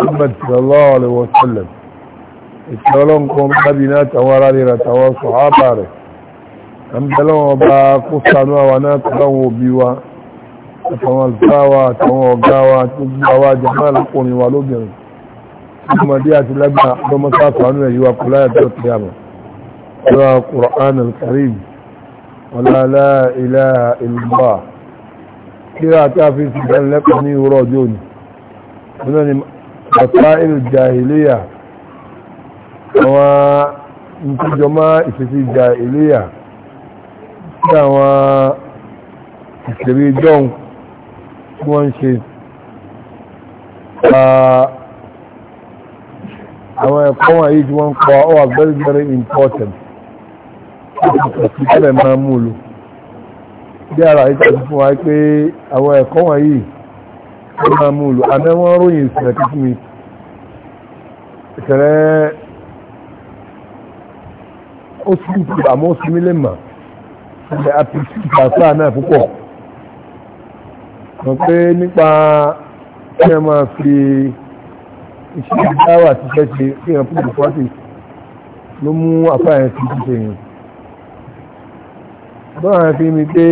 محمد صلى الله عليه وسلم اتلون قوم بابنات ورارير تواصوا عباره أمدلون وبا قصانوا ونات لو بيوا أتوان الزاوة أتوان وقاوة تبقوا جمال قوني والوبين ثم ديات لبنا ثم ساتوانوا يجوا قلاية القيامة ولا القرآن الكريم ولا لا إله إلا الله كلا تافي سبحان لك أني وراجوني هنا masáìl jahiliya àwọn ìkójọmá ìfẹ́sí jahiliya tí àwọn ìṣẹ̀rí john tí wọ́n ń ṣe ah, àwọn ẹ̀kọ́ wọn yìí tí wọ́n kọ́ ọ very very important láti tẹ̀lé máa mú lò bí ara ìtàkùn fún wa pé àwọn ẹ̀kọ́ wọn yìí wọ́n máa mú lò àná wọ́n ròyìn ìṣẹ̀lẹ̀ kí fún mi ìṣẹ̀lẹ̀ ó sì ń pè àmọ́ sí mi lẹ́mà ìṣẹ̀lẹ̀ àpèsí ìgbàsáà náà púpọ̀ mọ̀ pé nípa kí ẹ máa fi iṣẹ́ ìdáwà ti fẹ́ ṣe kí ẹ fún ìfọ́tì ló mú àfáàyàn sí ti ṣèyàn bọ́n àwọn pé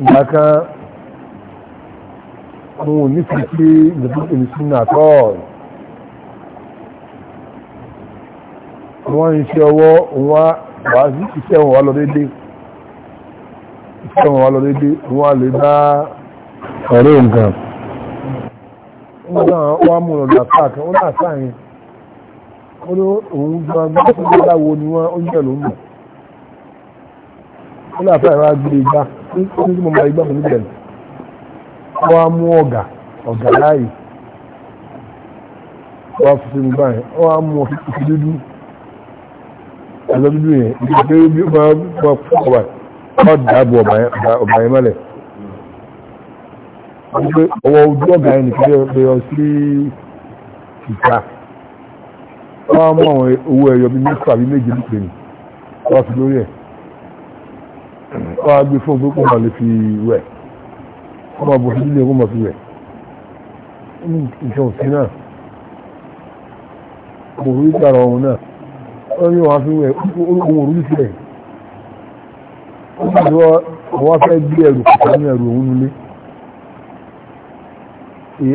ìgbà kan àwọn ò ní fi pé ìdàgbàsókè ní súnà tọ́ọ̀ wọ́n ń ṣe ọwọ́ wọn wá sí iṣẹ́ wọn wá lọ déédéé iṣẹ́ wọn wá lọ déédéé wọn lè bá ọ̀rẹ́ nǹkan wọ́n náà wá mú ọ̀dọ̀ àpá wọ́n náà sáà yẹn ó òun gbọ́n gbọ́n tó gbọ́n láwo ni wọ́n ń jẹ́ ló ń mọ̀ ó náà sáà wá gbé igbá wọ́n á mú ọ̀gà ọ̀gà láàyè wọ́n á fi sínú báyìí wọ́n á mú ọ̀kìkì dúdú àjọ dúdú yẹn ìgbé bí ó máa bọ́ fún ọba wọ́n dáàbò ọba yẹn mọ́lẹ̀ wípé ọwọ́ ojú ọ̀gá yẹn nìkan lè lọ sí ìta wọ́n á mú àwọn owó ẹ̀yọ bíi mẹ́fà àbí méje nípe ni wọ́n fi lórí ẹ̀ wọ́n á gbé fún òpópónà lè fi wẹ̀ ọmọ bò sí ilé ọmọ fi rẹ̀ ní ìṣọ̀ òsì náà kò rí ìtara ọ̀hún náà ó ní wọn fi o orúkọ wọn orí sílẹ̀ ó sì lọ àwọn afẹ́ bí o kọ̀ọ̀kan ní ẹrù òun nílé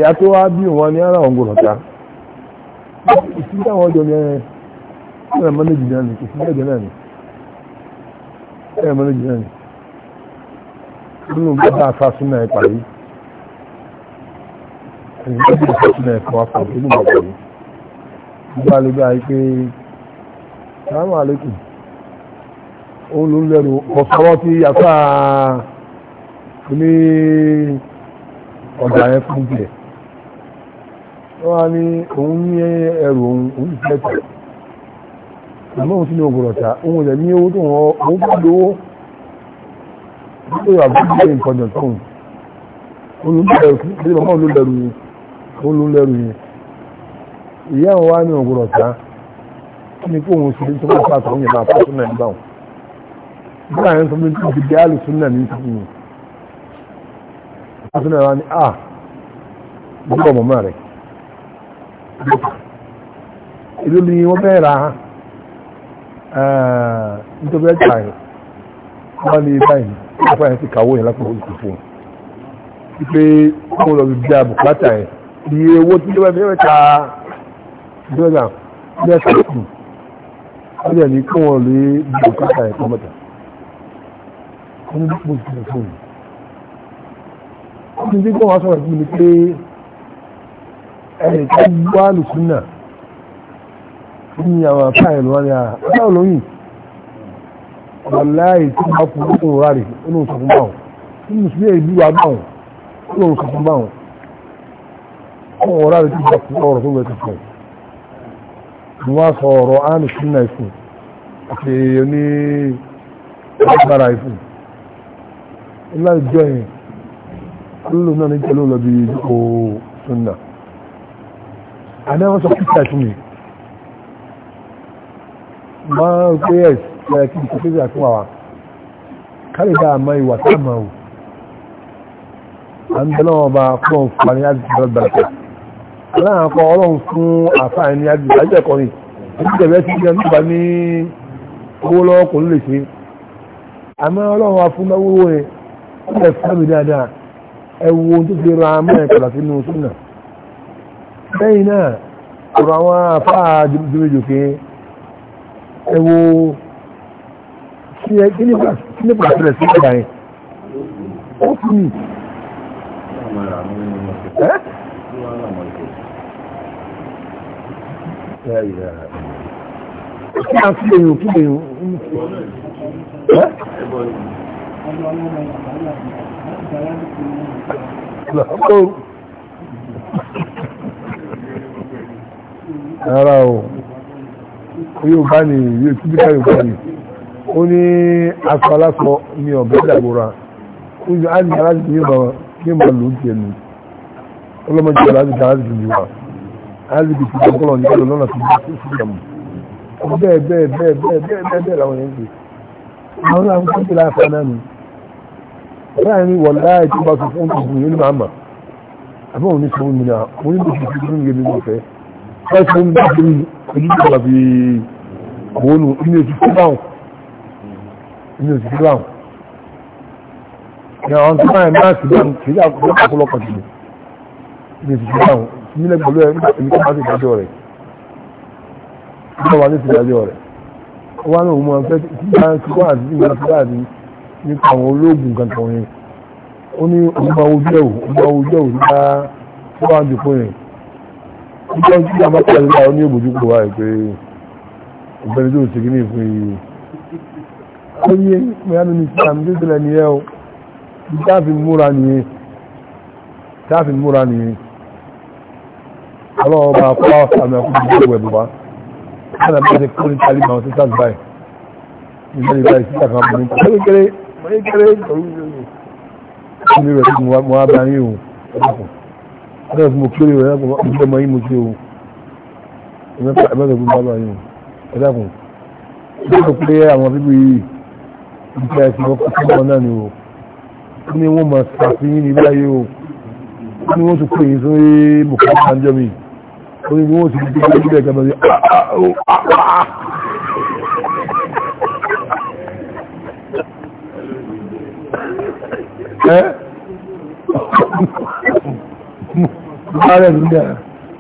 o tó wá bí wọn ní ara ọ̀gbọ̀n ọ̀tá ìsìn táwọn ọjọ́ ní ẹ̀rẹ́ ẹ̀rẹ́ mọ́lẹ́jì náà ní ìsìn ẹ̀jẹ̀ náà ní ẹ̀rẹ́ mọ́lẹ́jì náà ní nínú gbọ́dá afásúnà ẹ̀pà yìí ìgbẹ́gbẹ́ afásúnà ẹ̀kọ́ afọ́ nínú gbọ́dá yìí gbogbo alẹ́gbẹ́ ayé pé sáwọn alẹ́kùn ó ló lẹ́nu ọ̀sọ́rọ́ tí yàtọ̀ ní ọ̀dà yẹn fún tiẹ̀ wọ́n wá ní òun ní ẹrù òun òun ìfẹ́ tẹ̀ àmọ́ òun sí ní ògbòrọ̀ta òun rẹ̀ ní owó tó wọ́n òun bá lówó ó wà bíi nǹkan jọ tóun olùdẹrù kí bàbá olùdẹrù yẹn olùdẹrù yẹn ìyá àwọn wa ní ògùrọ̀ tá kí ni kóun ṣe tó bá pàtó òun yẹn máa pàtó náà nígbà wọn bí àwọn tó bí tó ti di àlùsùn náà ní ìtàn yìí àti náà wá ní à ah, gbọ́dọ̀ mọ̀mọ́ rẹ̀ ìlú ni wọ́n fẹ́ ra nítorí ìfà yẹn ti kàwó yẹn lápò òkú fún un wípé kó lọ bí a bùkátà yẹn iye owó tí ó bá fi ẹ̀ka dọ́là ní ẹ̀ka kù ó yẹ ní kó wọn lè bí bùkátà yẹn kọ́mọ́tà ó ní bí kò sí fún un ó ti dé kó wọn sọ̀rọ̀ fún mi pé ẹ̀ka gbọ́ àlùkù ní àwọn àpá ìlú wọn ni àwọn ọlọ́yìn wàláyé tí wọ́n fún un rárẹ̀ olóhùn sọ fún báwọn tí mùsùlùmí ìlú wa báwọn olóhùn sọ fún báwọn ọmọ ọ̀rá rẹ̀ tí wọ́n fún ọ̀rọ̀ tó wẹ̀ tó fún ni wọ́n sọ ọ̀rọ̀ ánì sí náà ìfún àti oní agbára ìfún ńlá ìjọ yẹn olóhùn náà ní jẹ́lú lọ bí sunna àná sọ kíkà sí mi máa ń pé ẹ̀sì yẹ kí ìkò fíjà fún àwà kálìdá àmọ́ ìwà táàmà ò a ń bẹ̀rẹ̀ ọba fún ọ̀fà ní àjẹ́bẹ̀rẹ̀ aláàkọ́ ọlọ́run fún àfáà ní àjẹ́kọ́ ni ìjẹ́bẹ̀rẹ̀ ti jẹ́ nígbà ní owó lọ́wọ́ kò lè ṣe àmọ́ ọlọ́run afúnnáwó rẹ̀ ilẹ̀ fẹ́mi dáadáa ẹwu tó fi ra náà ọ̀rọ̀ àwọn àfáà jùmíjòkè ẹwu kí ẹ kí ní pàṣẹ sí ìgbà yẹn ó fi mí. kí a fi èèyàn kí èèyàn ń fi. Ara o, yóò bá ní yóò tíbi ká yóò bá ní ó ní aṣọ aláṣọ ní ọ̀bẹ̀ ìdàgbòrà ó ní á ní aláṣọ yóò máa kí máa lò ó tiẹ̀ nù ọlọ́mọdé aláṣọ aláṣọ yìí wà aláṣọ yìí ti dọ́kọ́lọ̀ ní ọ̀dọ̀ lọ́nà tó dé sí ìyàmù bẹ́ẹ̀ bẹ́ẹ̀ bẹ́ẹ̀ bẹ́ẹ̀ bẹ́ẹ̀ bẹ́ẹ̀ bẹ́ẹ̀ làwọn yẹn ń ṣe àwọn àwọn kan ti la aṣọ náà ni báyìí ni wọ́n láyé tó ní oṣù tí báwọn ní àwọn tí báyìí náà sì báwọn kì í dà kó ọ̀pọ̀lọpọ̀ jù ní oṣù tí báwọn nílẹ̀ pẹ̀lú ẹ̀ nígbà tí kò bá sì dájọ́ rẹ̀ bí wọ́n wá ní ìdájọ́ rẹ̀ wọ́n náà mú ọ̀fẹ́ tí bá ń kíkọ́ àti ìgbà tí bá ti nípa àwọn olóògùn kankan yẹn ó ní ọmọ ojú ẹ̀wò ọmọ ojú ẹ̀wò nípa tó wà ń dùkú yẹn nígbà tí àwọn akẹ́kọ̀ọ́ ní òbòjú kò wá ẹ̀ pé ọ̀gbẹ́ni tó ṣe kí ní ìfún yìí ayé mẹ́rin ní islam dídìlẹ̀ ní ẹ́ o táàfin múra nìyẹn táàfin múra nìyẹn ọlọ́wọ́ bá fọ́ àmì ọkùnrin tó wẹ̀ bùbá ọ̀nà bá ti kúrò nípa lima ọ̀sẹ̀ sáà báyìí ìgbẹ́lẹ̀ báyìí sí àkàwọn ọmọ nípa kékeré kékeré ìlú rẹ̀ tó mọ abẹ́ ayé o ọ̀dọ́kùn ọ̀dọ́ fún mo kéré rẹ̀ ọ̀dọ́ mọ yín mo ṣe o ẹ̀mẹ́ta ẹ̀mẹ́ta fún bàbá yín o ọ̀dọ́kùn ọ̀dọ́kùn pé àwọn bíbí yìí nípa ẹ̀sìn ọkọ̀ tó wọ́n náà ni o ó ní wọ́n mọ̀ sàfihàn ní báyé o ó ní wọ́n ti pè é sórí bùkátà àjọ mi ó ní wọ́n ti gbé gbé gbé gbé ẹ́ ààrẹ mi náà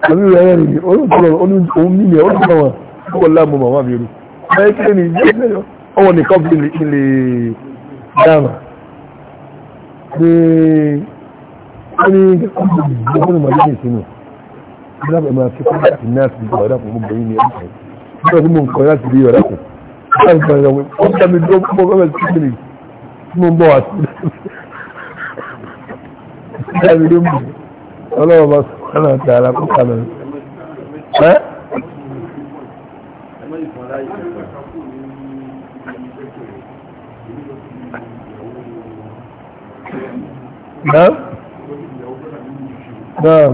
àbí rẹ̀ rẹ̀ mi olóòtú ọ̀rọ̀ onímọ̀ olóòtú ọ̀rọ̀ wọ́n láàmú màmá mi rú ẹ̀ kí ni ìjẹ́ ìjẹ́ yọ ọwọ́ nìkan bí ilé dáàmà pé wọ́n ní gbogbo màá lẹ́yìn sínú ìlànà ẹ̀mà tí kọ́ láti náà sí ìjọba ẹ̀dàkùn mú bẹ̀yìn ní ẹ̀dàkùn nígbà tí mo ń kọ́ láti rí ẹ̀dàkùn láti kọ́ ẹ̀dàkùn wọ́n dá mi dúró fún ọgbẹ́ tí mo ní tí mo ń bọ̀ wá sí Náà? Náà. Náà.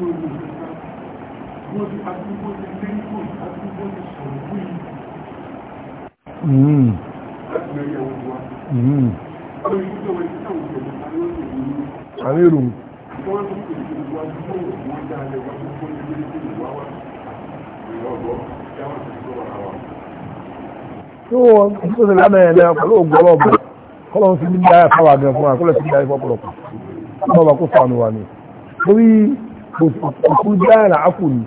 Thank you bó ti agbúgbó ti lẹ́kùn agbúgbó ti sọ̀rọ̀ fún yìí láti mẹ́rin àwọn ìwà ọdún ìjọba ìjọba ìjọba ìjọba àmìrù tó wọ́n tó ṣe lánàá ẹ̀ náà pẹ̀lú ògùn ọlọ́ọ̀bọ̀ kọ́lọ̀ sí ní dáyà fáwà gan fún àkọ́lọ̀ sí dáyà fọ́pọ̀lọpọ̀ ọlọ́ọ̀bà kó fàánù wà ní orí òkú dáyà àkùnrin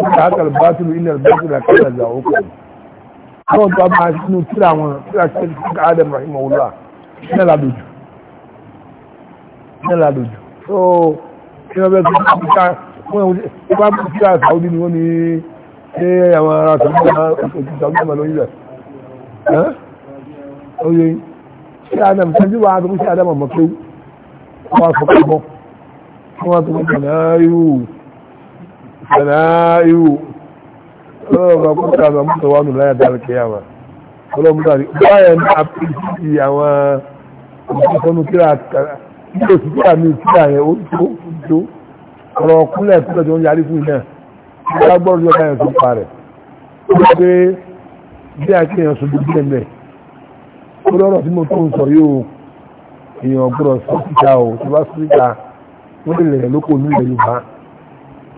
kàákàl bátìlù ilẹ̀ bátìlù àkàlà ìyàwókò àwọn tó bá sínú tíra wọn tíra sẹ́lẹ̀ adam rahimahullah náà ládójú náà ládójú so kí wọ́n bẹ́ tó kí ká wọ́n bá bú tíra Saudi ni wọ́n ní ṣé àwọn ará Saudi náà òkè Saudi náà lóyún rẹ̀ oye ṣé adam sẹ́jú wa tó kí adam ọmọ pé wọ́n á fọkàn bọ́ wọ́n tó kí náà yóò bala'ihu ọlọ́run bá kúta àwọn mọ́tò wà nù láyà dára kẹyàwó ọlọ́run bá rí báyẹ̀ ní àpèjì àwọn ìfọ́nù kíra nílò sí kíra mi kíra yẹn ó tó tó ọ̀rọ̀ kúnlẹ̀ tó tẹ̀jọ́ ń yarí fún iná ìgbà gbọ́rọ̀ yọ káyọ̀ tó pa rẹ̀ ó lọ pé bí akéèyàn sojú bí ẹ̀mẹ́ ó lọ́rọ̀ tí mo tó ń sọ yóò èèyàn gbọ́rọ̀ sọ́síta ò tó bá sọ́síta wọ́n lè lẹ̀rẹ̀ lóko ní ilẹ̀ Yorùbá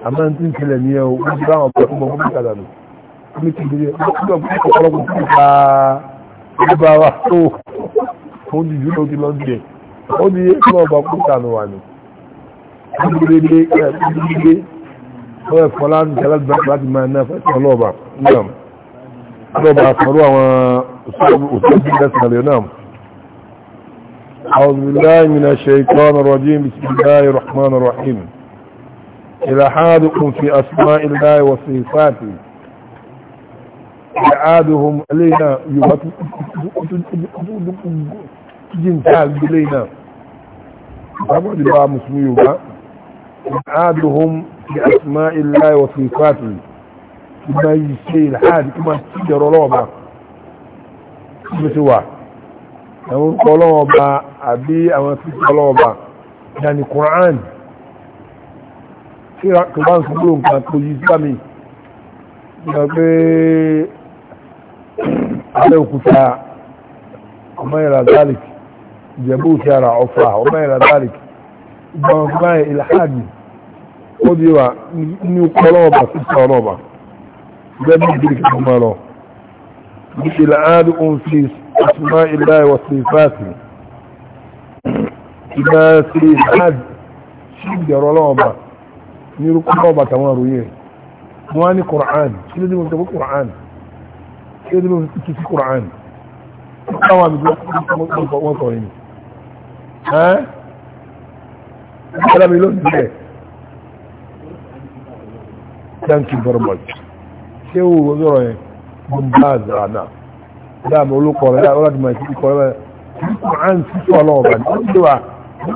àmọ́ tí ń tẹ̀lẹ̀ ní ẹ̀wọ̀n wọ́n ti báwọn ọ̀pọ̀ ọmọ ọmọ ìkàdà nù ní ti bèrè ọgbà púpọ̀ ọ̀pọ̀lọpọ̀ tó ta ọgbà wa tó ó di ìlú náà ti lọ sí ẹ̀ ó di ẹ̀kọ́ ọba púpọ̀ nù wà nù. ó níyàm ọlọ́ọ̀bà sọ̀rọ̀ àwọn òṣèlú ìdẹ́sìn àlẹ́ náà. أعوذ بالله من الشيطان الرجيم بسم الله الرحمن الرحيم إلحادكم في أسماء الله وصفاته إعادهم إلينا جنتال إلينا طبعا دباء مسلمي إعادهم في أسماء الله وصفاته كما يشي الحاد كما تجر ربا بسوا أمر قلوبا أبي أمر قلوبا يعني قرآن tí kò bá ń súnmọ́ nǹkan tó yí sámi ìgbà pé alẹ́ òkúta ọmọ ìrà dalek ìjẹ̀bú ti ara ọfà ọmọ ìrà dalek ìgbàmọ̀ fún báyìí ìlàhàdì ó di wà ní ọlọ́ọ̀bà sí sí ìlàhàdì sí ìdẹ̀rọ̀ ọlọ́ọ̀bà ní orúkọ náà bàtà wọn àròyé wọn á ní Qur'an kí ló dé mo fi tẹ̀wé Qur'an kí ló dé mo fi tẹ̀wé Qur'an káwọn àmì tó wọn sọ yìí ẹ́ ẹ́ mi ló ń bẹ̀ thank you very much ṣé o wọ́n sọ̀rọ̀ yẹn bombaz rana dáàmú olùkọ́ rẹ̀ dáàmú olùkọ́ rẹ̀ Qur'an sísọ ọlọ́ọ̀bà ni ó ń lè wa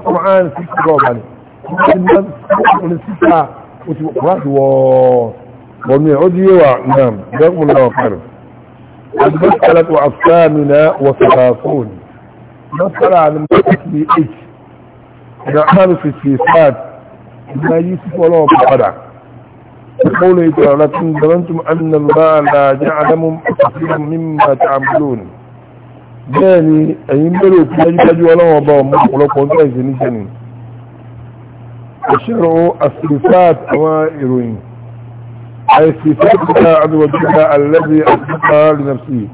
Qur'an sísọ ọlọ́ọ̀bà ni ọkùnrin síta ó ti wá sí wọ́ọ̀nù ẹ̀ ó di yíwa náà dẹ́kùn lọ́wọ́ kẹrù المسألة الثامنة وثلاثون مسألة عن المسألة نعمل في الصفات ما يصف ولا بقدع يقول تعالى لكم ظننتم أن الله لا يعلم كثيرا مما تعملون يعني أي ملوك يجب أن يولوا بعضهم ولو كنت أجل سنين يشير الصفات وإروين أي الصفات الله عز وجل الذي أثبتها لنفسه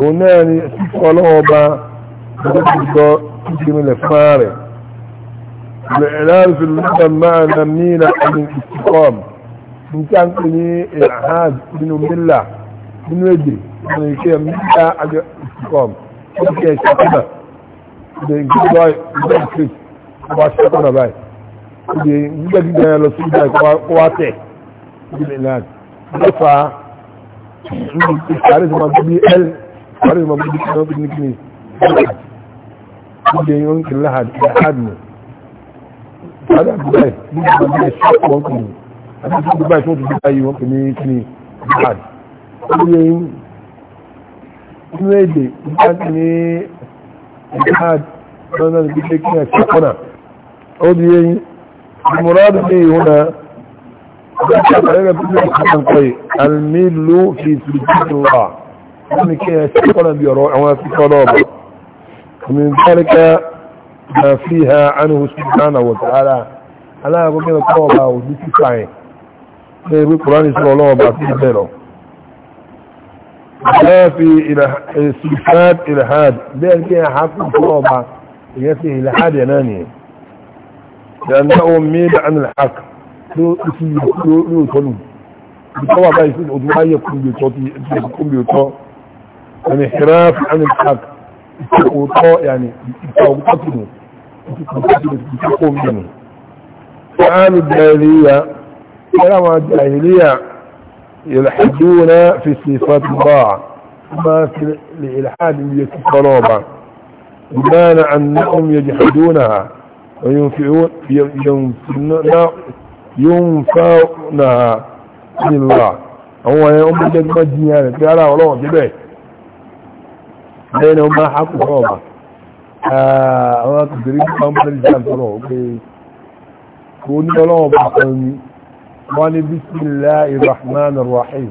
هناني صفة لعبة تجري من الفارق الإعلان في اللغة مع نمينا الاستقام إن كان لي إعهاد من ملة من وجه من يشير ملة عن الاستقام أوكي شكرا إذا كنت باي إذا كنت باي ìdè gbígbà gbígbà yẹn lọ sí ìgbà kó wá tẹ̀ ìdílé náà lọ́fà ìsàrí tó máa gbé bí l ìsàrí tó máa gbé bí kí wọ́n fi ní kíni ìdè yẹn ń kì láhàd ìhàd nù ìsàrí àdúgbà yìí gbígbà bí ẹ̀ṣọ́ wọn kì ní àti ìsàrí àdúgbà yìí tó ti gbígbà yìí wọn kì ní kíni ìhàd ìdè yẹn inú èdè ìgbà ní ìhàd lọ́nà ìgbésẹ̀ kí ẹ̀ṣọ́ kọ́nà ó di yẹn المراد به هنا الميل في سلطة الله يعني كي يستقل بيروع وفي قلوبه ومن ذلك ما فيها عنه سبحانه وتعالى على قبل الطوبة وذكي في القرآن صلى الله عليه وسلم لا في صفات إلحاد بأن كي حق الطوبة يأتي إلحاد يناني. لأنه ميل عن الحق لو يطلو بطوع بايس الأدماء يكون بيطوع يعني حراف عن الحق يطوع يعني يطوقتنه يتقوم منه فآل الجاهلية كلام الجاهلية يلحدون في صفات الله ما في الإلحاد يتقربا بمعنى أنهم يجحدونها ينفعونها عن الله هو يوم الجد مجنيا تعالى ولو جبه لأنه ما حق صوبة أنا تدريب قام بالجان صلوه كون ولو بحقني واني بسم الله الرحمن الرحيم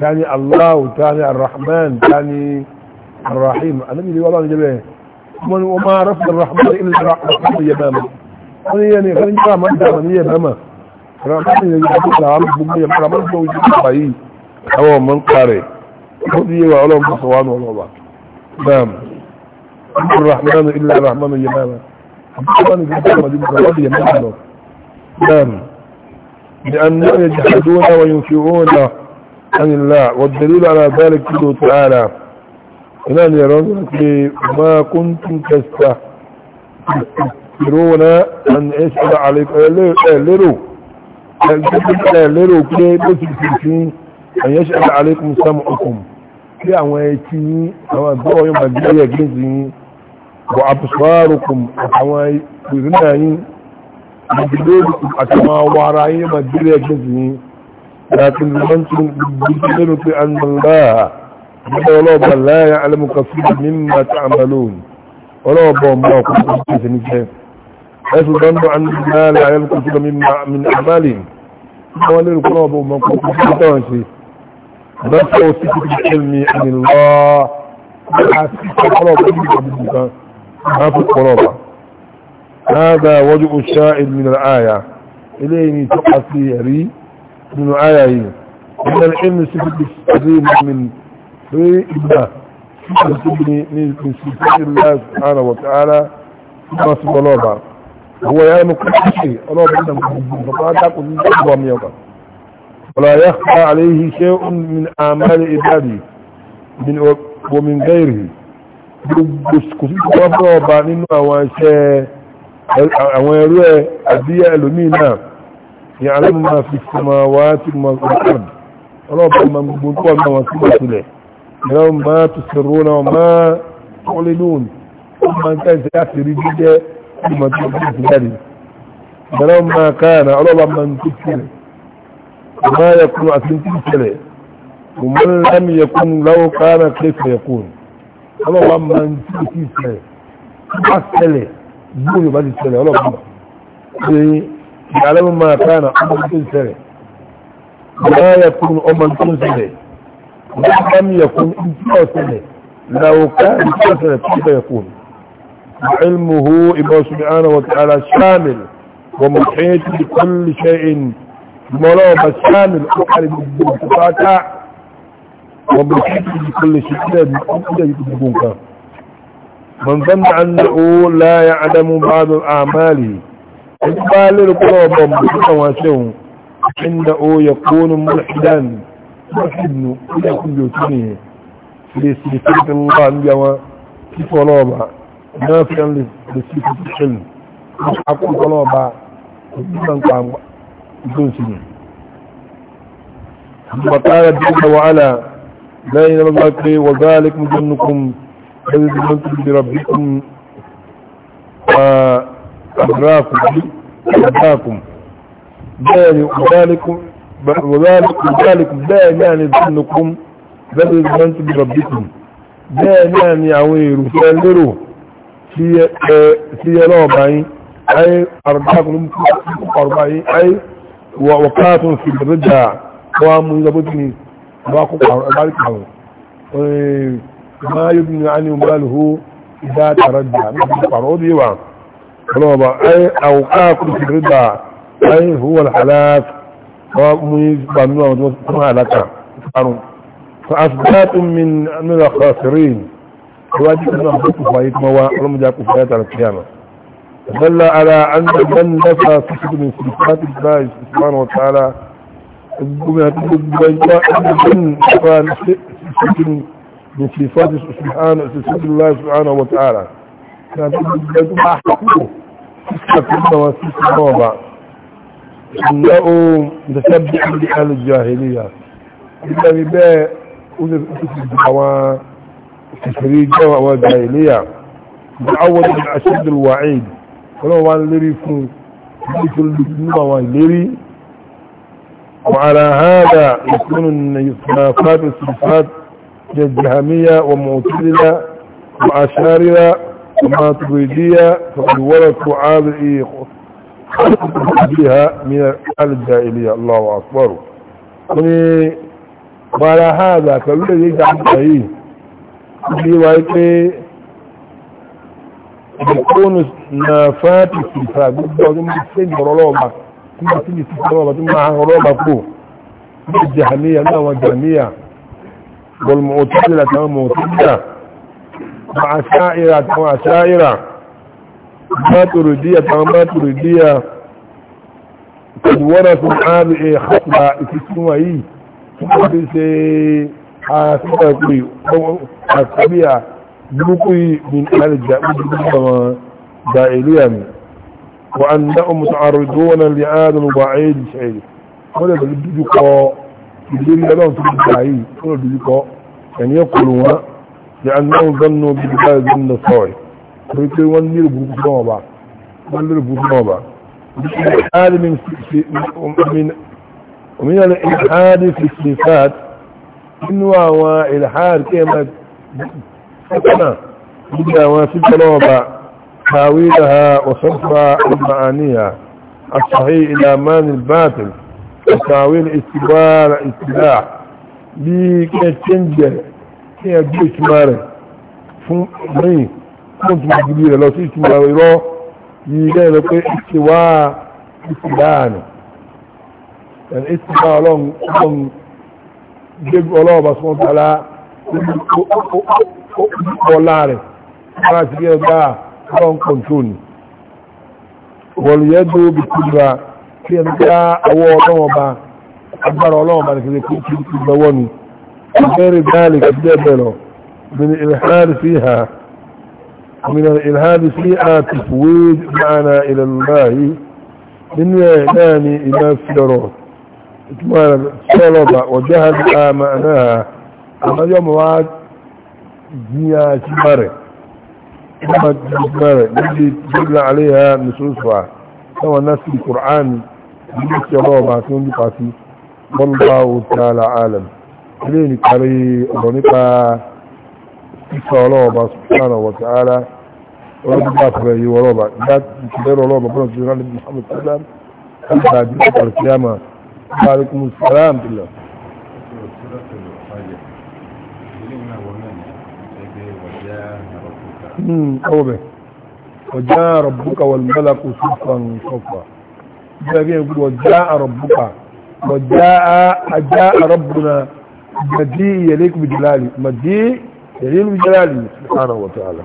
كاني الله تاني الرحمن تاني الرحيم أنا بيلي والله جبه وما رفض الرحمن إلا رحمة يباما يعني خلينا ما دام يباما رحمة يباما العرب بقية رحمة بوجود الحي هو من قاري خذي وعلم بصوان والله بام الرحمن إلا رحمة يباما رحمة يباما رحمة يباما بام لأنهم يجحدون وينفعون عن الله والدليل على ذلك كله تعالى iná ni ẹ̀rọ ń pè máa kún tún tẹ́sítà ìrọ́wọ́ná àni ẹ̀ṣọ́lá àlérò ẹ̀lérò pé bó ti fi fi ẹ̀yẹ́ṣọ́lá àlékún sámù ọkùn tí àwọn ẹ̀tí yí àwọn àgbọ́ ọyọ́ màgbéyẹ̀ gẹ́ẹ̀sì yí bọ̀ àbùsọ́rùkùn àwọn ìrìnà yí màgbéyẹ̀kùn àtàwọn awara yí ọlọ́ọ̀bà láyé alamukasiru mímọ̀ tí a mọ̀ lóòrùn ọlọ́ọ̀bà ọmọ ọkùnrin tó ṣe níṣẹ́ ẹ̀sùn dánbọ̀ aláyé alamukasiru mímọ̀ àmàlì wọ́n lè rúkọ́ ọmọ ọmọ ọkùnrin tó ṣe wọ́n هذا وجه الشاهد من الآية إليه تقع في من آية هنا العلم سبب من pé ìgbà nígbà tó bí ní ìsìnkú láì sàárà wọ̀ tààrà tí wọ́n sí ọlọ́ọ̀bà owó ya mú kọ́kọ́ṣe ọlọ́ọ̀bà ní gbogbo bàbá dákùn ní ìjọba mi ọkà wọ́la yá fa àléhì ṣe min àmàlì ìbàdì min omi gẹ́rì gbogbo kò sí ìjọba ọlọ́ọ̀bà nínú àwọn iṣẹ́ àwọn ẹrú ẹ لهم ما تسرون وما تعلنون وما كان سيأتي رجل ثم تنفيذ ذلك لهم ما كان على من تسر وما يكون أسلم تسر ومن لم يكن لو كان كيف يكون على من تسر أسر دون بعد السر على من يعلم ما كان أمر تسر وما يكون أمر تسر لم يكن انتوسنه لو كان انتوسنه كيف يكون علمه إبا سبحانه وتعالى شامل ومحيط بكل شيء ملوبة شامل أقرب تفاكع ومحيط بكل شيء أقرب بالتفاتع من ظن أنه لا يعلم بعض الأعمال إقبال القرب ومحيط واسعه عنده يكون ملحدا ìgbàkínú ilé ìkúnlẹ̀ òtún nìyẹn lè sí ìfẹ́lẹ̀ ńlá níbi àwọn kíkọ́ ọlọ́ọ̀bà náà fi ń lè sí ìfẹ́lẹ̀ ṣẹlẹ̀ akọ́kọ́ ọlọ́ọ̀bà òtúnṣà ń pa ìdóǹsì ni. bàtàrà dúró وذلك ذلك بيان ظنكم بل ظننت بربكم بيان يعوير فاندروا في في ربعي أي ارباكم أربعي أي وقات في الرجع وام يضبطني باكو ذلك حول إيه، ما يبني عن يماله إذا ترجع فرود يوان ربع أي أوقات في الرجع أي هو الحلاك فأصبحت من من الخاسرين واجب أن أخذت فايت ولم جاءك فايت على القيامة دل على أن من نفى صفة من صفات الله سبحانه وتعالى من نفى صفة من صفات سبحانه صفات الله سبحانه وتعالى كانت تجد ما حقوقه صفة كلمة إنه متسبع لأهل الجاهلية إلا بباء في تفريج وجاهلية بأول من أشد الوعيد لري مثل وعلى هذا يكون الصنافات والصفات الجهمية ومعتدلة وأشارلة وما تريدية فقد ورثوا هذه بها من الجاهلية الله أكبر وعلى هذا فالذي يجعل صحيح روايته يكون نافات السفاة قد يمكن رلوبة كما تجي تسرلوبة مع رلوبة فوق الجهمية لا والجهمية والمعتزلة والمعتزلة مع سائرة مع سائرة ماتريدية تمام ماتريدية قد ورثوا هذه خطبة اسمها ايه في سي حاسبة كوي حاسبية بلوكوي من أهل الجائلية جائلية وأنهم متعرضون لهذا الوعيد شيء ولا بلدوكو ìlérí ọlọ́run tó gbà yìí tó lòdì kọ́ ẹ̀yẹ́ kòrò wọn lè anáwó gánà bí bá ẹgbẹ́ ń lọ sọ́ọ̀rì torí pé wọ́n nílò burúkú fún ọba wọ́n nílò burúkú fún ọba òmìnira ìlhàdì fi sifat nínú àwọn ìlhàdì kí ẹ máa sọ́kànà níbi àwọn síkọ̀lọ́ ọba kàwé lọ́ha ọ̀sọ́fà ìmàníyà àṣàhí ìlàmánì bátìl kàwé ìsìbára ìsìbá bí kí ẹ chẹ́njẹ̀ kí ẹ gbé ìtumá rẹ̀ fún mìíràn wọ́n tún máa gbìyànjú rẹ̀ lọ sí ìtura irọ́ yìí lẹ́yìn lọ pé ṣe wá ìsìláàánù ẹ̀n ìsìlá ọlọ́run gbégbé ọlọ́run bá sọ́n tala ọlá rẹ̀ ara ti gẹ́gẹ́ gbá ọlọ́run kọ̀ǹtún wọ̀lùyẹ́ dúró bí kúdùrà kí ẹni gbá ọwọ́ ọlọ́run ọba agbára ọlọ́run ọba nìkan kí kí gbọ́wọ́ ni bẹ́ẹ̀rẹ̀ dáàlì kí bẹ́ẹ̀ bẹ́ẹ̀ lọ bẹ́ẹ̀ ni ìrẹ̀hánì fi hàn من الإلهام سيئة تفويض معنا إلى الله من إعلان إلى السيارات إتمال السلطة وجهل معناها أما اليوم وعد دنيا شمارة أما شمارة التي تدل عليها نصوصها سوى نفس القرآن من السيارات عشان بقاسي والله تعالى عالم إليني كري أرونيكا kíkà ọlọ́ọ̀bá subhanahu wa ta'ala ọlọ́dún bá fẹ́ yíwọ ọlọ́ọ̀bá ìdájúkẹ́rọ ọlọ́ọ̀bá bọ́nà tó rán níbi muhammad sallam alìbàdí alkiyama barikum salam bila ọwọ́bẹ̀ ọjá rọ̀bùkà wal malaku sufan sọfà jẹ́gẹ́ ìgbùdó ọjá rọ̀bùkà ọjá rọ̀bùnà madi yẹlẹ́kùbìdìláàlì madi dalilu jalali subhanahu wa ta'ala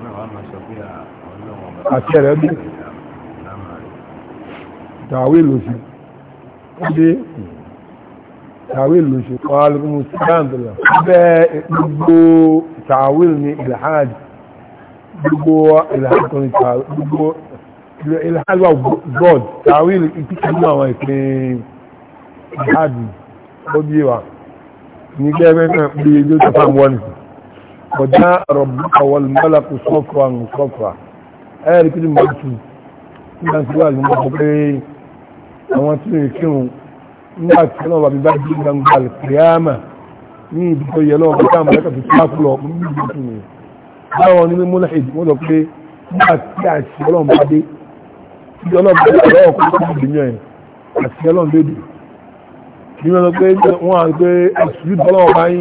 àti ẹ̀rẹ́ bí tàwé lòsì kọ́dé tàwé lòsì kọ́lùmù síláńdùlá bẹ́ gbogbo tàwé ní ilhaj gbogbo ilhaj tó ní tàwé gbogbo ilhaj wà god tàwé ìpìkàlù àwọn ìpín ilhaj ó bí wa ní gẹ́gẹ́ mẹ́rin pé yóò tọ́fà mọ́nìí kọjá rọ̀bùkà wọ́n mọ́lákù sọ́fà ń sọ́fà ẹ̀rì kí ni mo tù nígbà tí wà lóun mọ̀ pé àwọn tí ó kírun nígbà tí wọ́n wà bí bá dé gbangba kìíyàmà ní ibi tó yẹ lọ́wọ́ bá àwọn mọ̀lẹ́kà tó tó kú lọ mú ibi tó yẹ báwọn ní mímúlẹ̀ èdè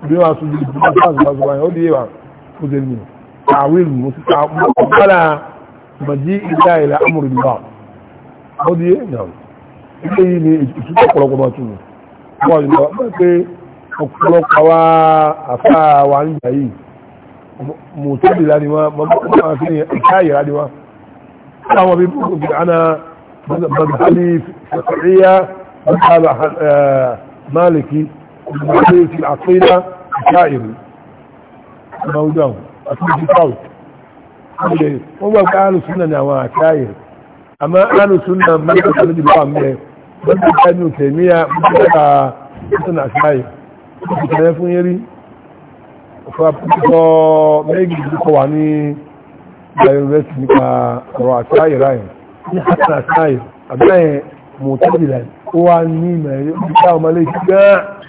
bí wọ́n aṣojú ìdílé fáwọn ìgbà ọ̀gbà yẹn ó di ìwà ó ṣe nìyẹn tàwílù mo ti ta ọ̀gbọ́nà mọ̀jí ìdá ìlà amúrìlá ó di ìyàn ilé yìí ni ìtútù ọ̀pọ̀lọpọ̀ máa tún wọ́n yìí lọ wọ́n pé ọ̀pọ̀lọpọ̀ wa àfa máa fi ẹ̀ka ìyàrá ni wọ́n bí bókò bí ana bàbá ali fàkìríyà bàbá maliki المعلم في العقيدة الشاعر موضوع أتوجه صوت wọ́n gbà pé àrùn súnà ní àwọn àṣáyè àmọ́ àrùn súnà mẹ́ta lójú bá mẹ́ mẹ́ta ní òkè níyà mẹ́ta súnà àṣáyè ó ti tẹ̀lé fún yẹ́rí ọ̀fọ́ àpòjọ́ méjì kọ́ wà ní yunifásitì nípa ọ̀rọ̀ ní àṣáyè àbẹ́yẹn mọ̀tẹ́bìlẹ̀ ó wá ní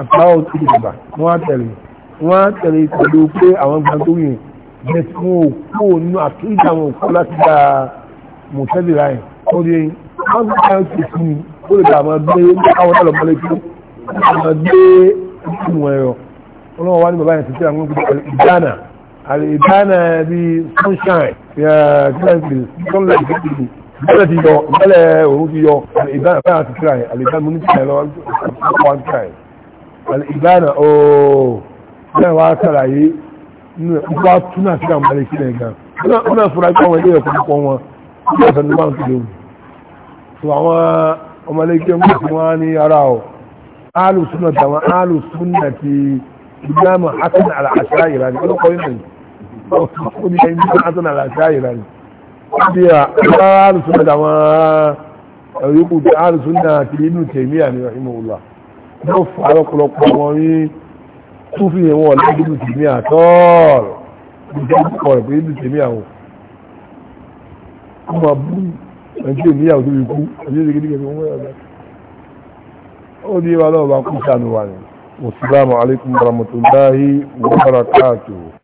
àtàwọn tí ìjọba wọ́n tẹ̀lé wọ́n tẹ̀lé pẹ̀lú pé àwọn gbàntóyìn bẹ́ẹ̀ tí wọ́n kó nínú àkíyíjà wọn kó láti gba mọ̀tẹ́lì ráyìn ó di wọ́n ti ká ti fún mi ó lè bá àwọn gbé káwọn náà lọ́mọlẹ́ tó àwọn gbé ìlú wọn ẹ̀rọ ọlọ́wọ́ wá ní bàbá yẹn ti tẹ́lẹ̀ àwọn gbogbo ìdáná àlè ìdáná bí sunshine yà kíláǹtì sunlight kíláǹtì ìbálẹ̀ ti yọ ìbálẹ̀ òun ti yọ àlè ìdáná báyà ti tẹ́lẹ̀ àlè ìdáná mo ní tẹ́lẹ̀ lọ́wọ́ al'ibana ooo náà wá sàlàyé nípa túnà sí àwọn ọmọdé sílẹ̀ gan náà fúra pé àwọn ilé ẹ̀kọ́ púpọ̀ wọn ní ọ̀sán ní báńkì lóhùn so àwọn ọmọdé kí wọ́n ti wọ́n ní ara ọ̀ alùsúnà tàwọn alùsúnà ti ìgbàmọ̀ hasan alàṣà ìrànì ọlọ́kọ̀ yìí nìyí ó ní ẹni hasan alàṣà ìrànì bí i alùsúnà tàwọn ẹ̀yọ́kù alùsúnà ti inú tèmíyà ní ọ̀hìnmọ̀ ọlọ́wà yóò fà á lọ́pọ̀lọpọ̀ wọn rí túfì yẹn wọn lẹ́yìn ibi tèmi àtọ́ọ̀rọ̀ ìjọba kọ̀ rẹ̀ pé ibi tèmi àwọn kó máa bú ẹjọ́ ìníyàwó tó fi kú ẹjọ́ ìdíkẹ́ ìdíkẹ́ tó ń wọ́n yàrá ó ní wa lọ́wọ́ bá kú sànù wa ni wasalaamu alaykum wa rahmatulahi wa barakatuhu.